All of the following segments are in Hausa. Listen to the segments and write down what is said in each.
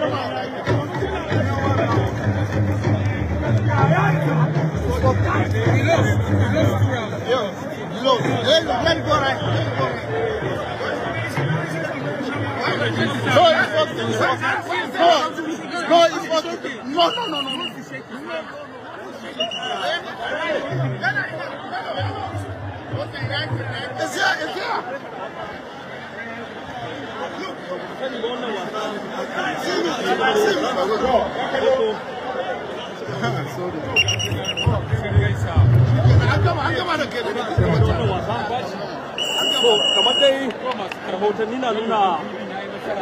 It's here, it's here. Look, kamar dai rahotanni na nuna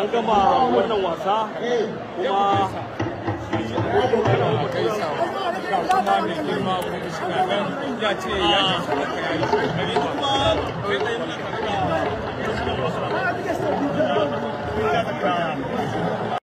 an gama wannan wasa kuma kuma mai girma ya ce ya ce